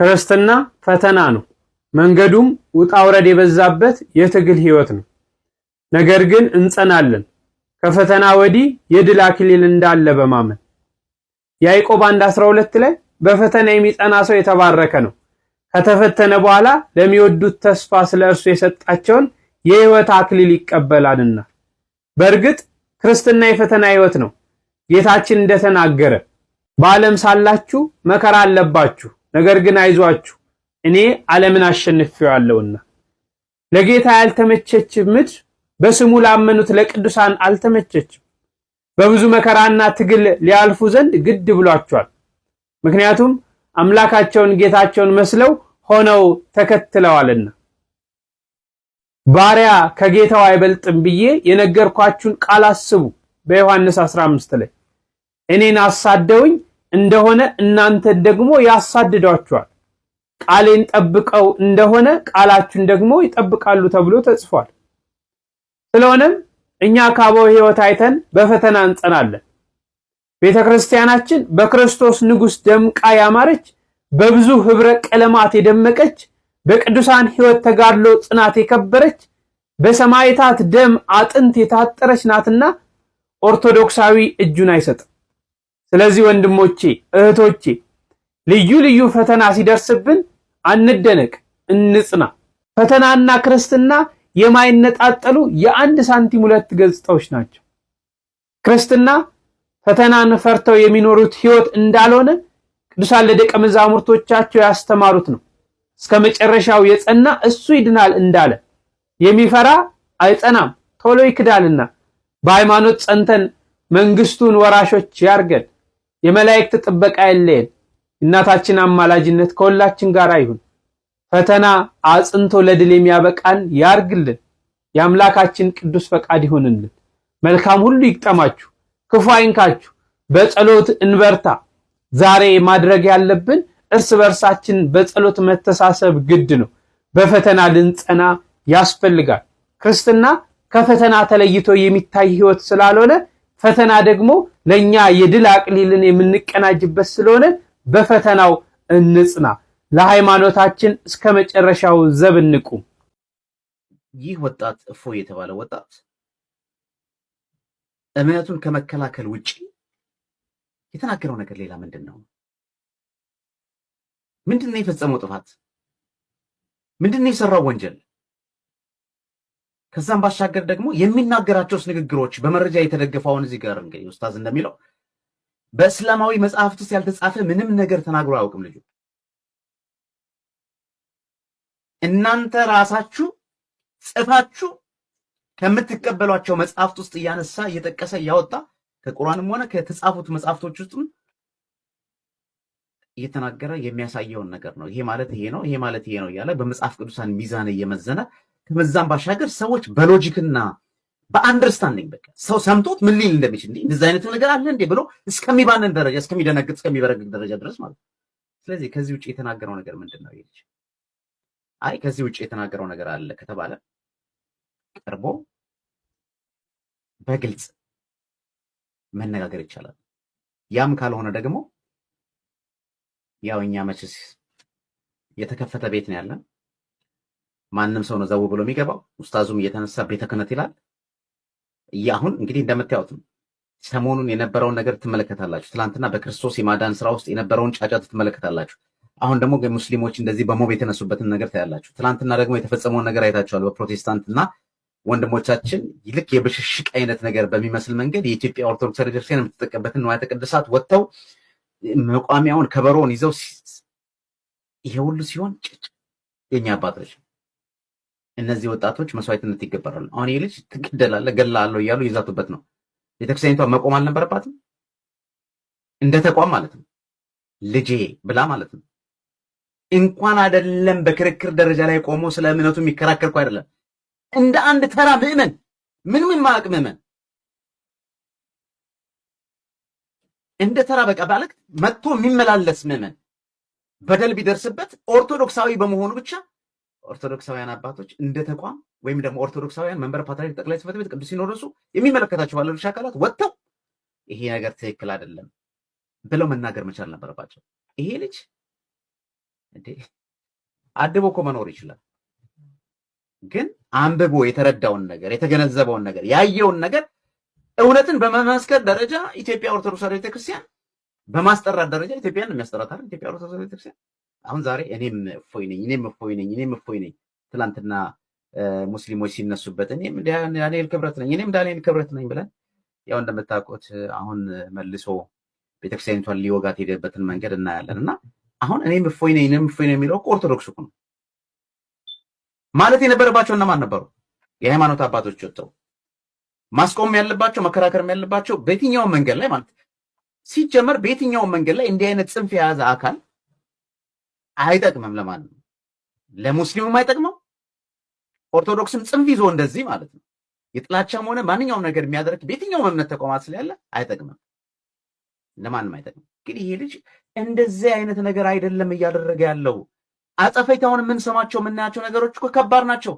ክርስትና ፈተና ነው። መንገዱም ውጣ ውረድ የበዛበት የትግል ህይወት ነው። ነገር ግን እንጸናለን ከፈተና ወዲህ የድል አክሊል እንዳለ በማመን ያዕቆብ 12 ላይ በፈተና የሚጸና ሰው የተባረከ ነው፣ ከተፈተነ በኋላ ለሚወዱት ተስፋ ስለ እርሱ የሰጣቸውን የህይወት አክሊል ይቀበላልና። በእርግጥ ክርስትና የፈተና ህይወት ነው። ጌታችን እንደተናገረ በዓለም ሳላችሁ መከራ አለባችሁ ነገር ግን አይዟችሁ እኔ ዓለምን አሸንፌዋለሁና ለጌታ ያልተመቸች ምድር በስሙ ላመኑት ለቅዱሳን አልተመቸችም። በብዙ መከራና ትግል ሊያልፉ ዘንድ ግድ ብሏቸዋል። ምክንያቱም አምላካቸውን ጌታቸውን መስለው ሆነው ተከትለዋልና። ባሪያ ከጌታው አይበልጥም ብዬ የነገርኳችሁን ቃል አስቡ። በዮሐንስ 15 ላይ እኔን አሳደውኝ እንደሆነ እናንተ ደግሞ ያሳድዷቸዋል። ቃሌን ጠብቀው እንደሆነ ቃላችን ደግሞ ይጠብቃሉ ተብሎ ተጽፏል። ስለሆነም እኛ ከአበው ሕይወት አይተን በፈተና እንጸናለን። ቤተ ክርስቲያናችን በክርስቶስ ንጉሥ ደምቃ ያማረች፣ በብዙ ኅብረ ቀለማት የደመቀች፣ በቅዱሳን ሕይወት ተጋድሎ ጽናት የከበረች፣ በሰማይታት ደም አጥንት የታጠረች ናትና ኦርቶዶክሳዊ እጁን አይሰጥም። ስለዚህ ወንድሞቼ እህቶቼ፣ ልዩ ልዩ ፈተና ሲደርስብን አንደነቅ፣ እንጽና። ፈተናና ክርስትና የማይነጣጠሉ የአንድ ሳንቲም ሁለት ገጽታዎች ናቸው። ክርስትና ፈተናን ፈርተው የሚኖሩት ሕይወት እንዳልሆነ ቅዱሳን ለደቀ መዛሙርቶቻቸው ያስተማሩት ነው። እስከ መጨረሻው የጸና እሱ ይድናል እንዳለ የሚፈራ አይጸናም፣ ቶሎ ይክዳልና። በሃይማኖት ጸንተን መንግስቱን ወራሾች ያርገን። የመላእክት ጥበቃ አይለየን። እናታችን አማላጅነት ከሁላችን ጋር ይሁን። ፈተና አጽንቶ ለድል የሚያበቃን ያርግልን። የአምላካችን ቅዱስ ፈቃድ ይሆንልን። መልካም ሁሉ ይግጠማችሁ፣ ክፉ አይንካችሁ። በጸሎት እንበርታ። ዛሬ ማድረግ ያለብን እርስ በርሳችን በጸሎት መተሳሰብ ግድ ነው። በፈተና ልንጸና ያስፈልጋል። ክርስትና ከፈተና ተለይቶ የሚታይ ሕይወት ስላልሆነ ፈተና ደግሞ ለኛ የድል አቅሊልን የምንቀናጅበት ስለሆነ በፈተናው እንጽና። ለሃይማኖታችን እስከ መጨረሻው ዘብ እንቁም። ይህ ወጣት እፎ የተባለ ወጣት እምነቱን ከመከላከል ውጪ የተናገረው ነገር ሌላ ምንድን ነው? ምንድን ነው የፈጸመው ጥፋት? ምንድን ነው የሰራው ወንጀል? ከዛም ባሻገር ደግሞ የሚናገራቸውስ ንግግሮች በመረጃ የተደገፈውን እዚህ ጋር እንግዲህ ኡስታዝ እንደሚለው በእስላማዊ መጽሐፍት ውስጥ ያልተጻፈ ምንም ነገር ተናግሮ አያውቅም ልጁ። እናንተ ራሳችሁ ጽፋችሁ ከምትቀበሏቸው መጽሐፍት ውስጥ እያነሳ እየጠቀሰ እያወጣ ከቁርአንም ሆነ ከተጻፉት መጽሐፍቶች ውስጥም እየተናገረ የሚያሳየውን ነገር ነው። ይሄ ማለት ይሄ ነው፣ ይሄ ማለት ይሄ ነው እያለ በመጽሐፍ ቅዱሳን ሚዛን እየመዘነ ከመዛም ባሻገር ሰዎች በሎጂክና በአንደርስታንዲንግ በቃ ሰው ሰምቶት ምን ሊል እንደሚችል እንዲህ እንደዚህ አይነት ነገር አለ እንዴ ብሎ እስከሚባንን ደረጃ እስከሚደነግጥ እስከሚበረግግ ደረጃ ድረስ ማለት ነው። ስለዚህ ከዚህ ውጭ የተናገረው ነገር ምንድን ነው? ይልች አይ ከዚህ ውጭ የተናገረው ነገር አለ ከተባለ ቀርቦ በግልጽ መነጋገር ይቻላል። ያም ካልሆነ ደግሞ ያው እኛ መችስ የተከፈተ ቤት ነው ያለን ማንም ሰው ነው ዘው ብሎ የሚገባው። ኡስታዙም እየተነሳ ቤተ ክህነት ይላል። አሁን እንግዲህ እንደምታዩት ሰሞኑን የነበረውን ነገር ትመለከታላችሁ። ትናንትና በክርስቶስ የማዳን ስራ ውስጥ የነበረውን ጫጫት ትመለከታላችሁ። አሁን ደግሞ ሙስሊሞች እንደዚህ በሞብ የተነሱበትን ነገር ታያላችሁ። ትናንትና ደግሞ የተፈጸመውን ነገር አይታችኋል። በፕሮቴስታንትና ወንድሞቻችን ይልቅ የብሽሽቅ አይነት ነገር በሚመስል መንገድ የኢትዮጵያ ኦርቶዶክስ ቤተክርስቲያን የምትጠቀበትን ንዋያተ ቅድሳት ወጥተው መቋሚያውን ከበሮውን ይዘው ይሄ ሁሉ ሲሆን የኛ አባቶች እነዚህ ወጣቶች መስዋዕትነት ይገበራሉ። አሁን ይህ ልጅ ገላ አለው እያሉ ይዛቱበት ነው። ቤተክርስቲያኒቷ መቆም አልነበረባትም? እንደ ተቋም ማለት ነው ልጄ ብላ ማለት ነው። እንኳን አይደለም በክርክር ደረጃ ላይ ቆሞ ስለ እምነቱ የሚከራከር እኮ አይደለም፣ እንደ አንድ ተራ ምዕመን ምንም የማያውቅ ምዕመን እንደ ተራ በቃ ባለክ መጥቶ የሚመላለስ ምዕመን በደል ቢደርስበት ኦርቶዶክሳዊ በመሆኑ ብቻ ኦርቶዶክሳውያን አባቶች እንደ ተቋም ወይም ደግሞ ኦርቶዶክሳውያን መንበረ ፓትርያርክ ጠቅላይ ጽሕፈት ቤት ቅዱስ ሲኖዶሱ የሚመለከታቸው ባለድርሻ አካላት ወጥተው ይሄ ነገር ትክክል አይደለም ብለው መናገር መቻል ነበረባቸው። ይሄ ልጅ እንዴ አድቦ እኮ መኖር ይችላል። ግን አንብቦ የተረዳውን ነገር የተገነዘበውን ነገር ያየውን ነገር እውነትን በመመስከር ደረጃ ኢትዮጵያ ኦርቶዶክስ ቤተክርስቲያን በማስጠራት ደረጃ ኢትዮጵያን የሚያስጠራት አይደል? ኢትዮጵያ ኦርቶዶክስ ቤተክርስቲያን አሁን ዛሬ እኔም እፎይ ነኝ፣ እኔም እፎይ ነኝ፣ እኔም እፎይ ነኝ። ትላንትና ሙስሊሞች ሲነሱበት እኔም ዳንኤል ክብረት ነኝ፣ እኔም ዳንኤል ክብረት ነኝ ብለን ያው እንደምታውቁት አሁን መልሶ ቤተክርስቲያኒቷን ሊወጋት ሄደበትን መንገድ እናያለን እና አሁን እኔም እፎይ ነኝ፣ እኔም እፎይ ነኝ የሚለው ኦርቶዶክስ ነው ማለት የነበረባቸው እነማን ነበሩ? የሃይማኖት አባቶች ወጥተው ማስቆም ያለባቸው መከራከርም ያለባቸው በየትኛውም መንገድ ላይ ማለት ሲጀመር በየትኛውም መንገድ ላይ እንዲህ አይነት ጽንፍ የያዘ አካል አይጠቅምም ለማንም ነው። ለሙስሊሙም አይጠቅመው፣ ኦርቶዶክስም ጽንፍ ይዞ እንደዚህ ማለት ነው። የጥላቻም ሆነ ማንኛውም ነገር የሚያደርግ በየትኛውም እምነት ተቋማት ስለያለ አይጠቅምም፣ ለማንም አይጠቅምም። ግን ይሄ ልጅ እንደዚህ አይነት ነገር አይደለም እያደረገ ያለው። አጸፈይታውን የምንሰማቸው የምናያቸው ነገሮች እኮ ከባድ ናቸው።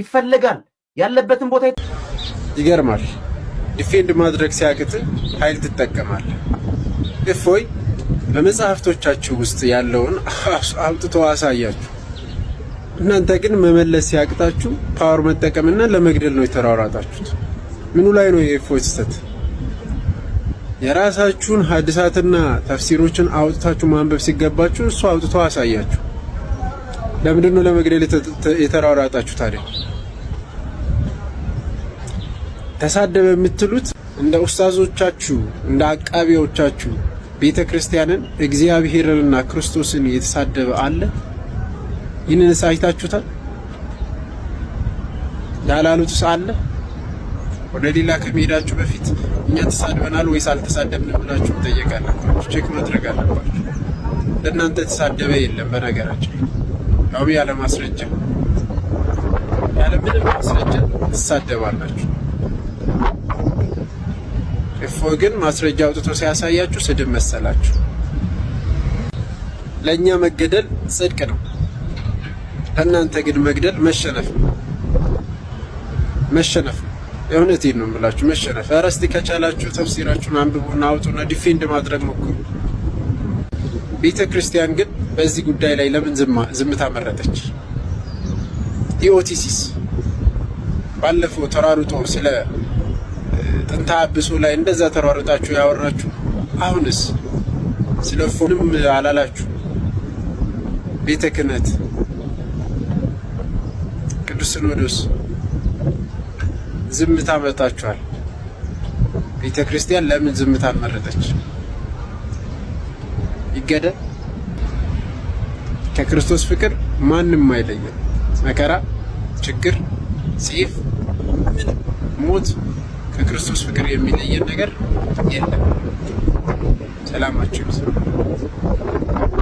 ይፈለጋል ያለበትን ቦታ ይገርማል። ዲፌንድ ማድረግ ሲያቅት ኃይል ትጠቀማል። እፎይ በመጽሐፍቶቻችሁ ውስጥ ያለውን አውጥቶ አሳያችሁ። እናንተ ግን መመለስ ሲያቅታችሁ ፓወር መጠቀምና ለመግደል ነው የተሯሯጣችሁት። ምኑ ላይ ነው የእፎይ ስህተት? የራሳችሁን ሀዲሳትና ተፍሲሮችን አውጥታችሁ ማንበብ ሲገባችሁ እሱ አውጥቶ አሳያችሁ። ለምንድን ነው ለመግደል የተሯሯጣችሁ ታዲያ? ተሳደበ የምትሉት እንደ ኡስታዞቻችሁ እንደ አቃቢዎቻችሁ ቤተ ክርስቲያንን እግዚአብሔርንና ክርስቶስን የተሳደበ አለ? ይህንንስ አይታችሁታል? ላላሉትስ አለ? ወደ ሌላ ከመሄዳችሁ በፊት እኛ ተሳድበናል ወይስ አልተሳደብንም ብላችሁ ትጠየቃላችሁ። ቼክ ማድረግ አለባችሁ። ለእናንተ የተሳደበ የለም። በነገራችን ያው ያለ ማስረጃ ያለ ምንም ማስረጃ ትሳደባላችሁ። እፎይ ግን ማስረጃ አውጥቶ ሲያሳያችሁ ስድብ መሰላችሁ። ለእኛ መገደል ጽድቅ ነው፣ ለእናንተ ግን መግደል መሸነፍ ነው። መሸነፍ ነው። እውነቴን ነው የምላችሁ፣ መሸነፍ። ኧረ እስቲ ከቻላችሁ ተፍሲራችሁን አንብቡና አውጡና ዲፌንድ ማድረግ ሞክሩ። ቤተ ክርስቲያን ግን በዚህ ጉዳይ ላይ ለምን ዝምታ መረጠች? ኢኦቲሲስ ባለፈው ተራርጦ ስለ ጥንታ አብሶ ላይ እንደዛ ተሯርጣችሁ ያወራችሁ፣ አሁንስ ስለ አላላችሁ። ቤተ ክህነት ቅዱስ ሲኖዶስ ዝምታ መርጣችኋል። ቤተ ክርስቲያን ለምን ዝምታ መረጠች? ይገደል። ከክርስቶስ ፍቅር ማንም አይለየም። መከራ፣ ችግር፣ ጽፍ ምን ሞት ከክርስቶስ ፍቅር የሚለየን ነገር የለም። ሰላማችሁ ይብዛ።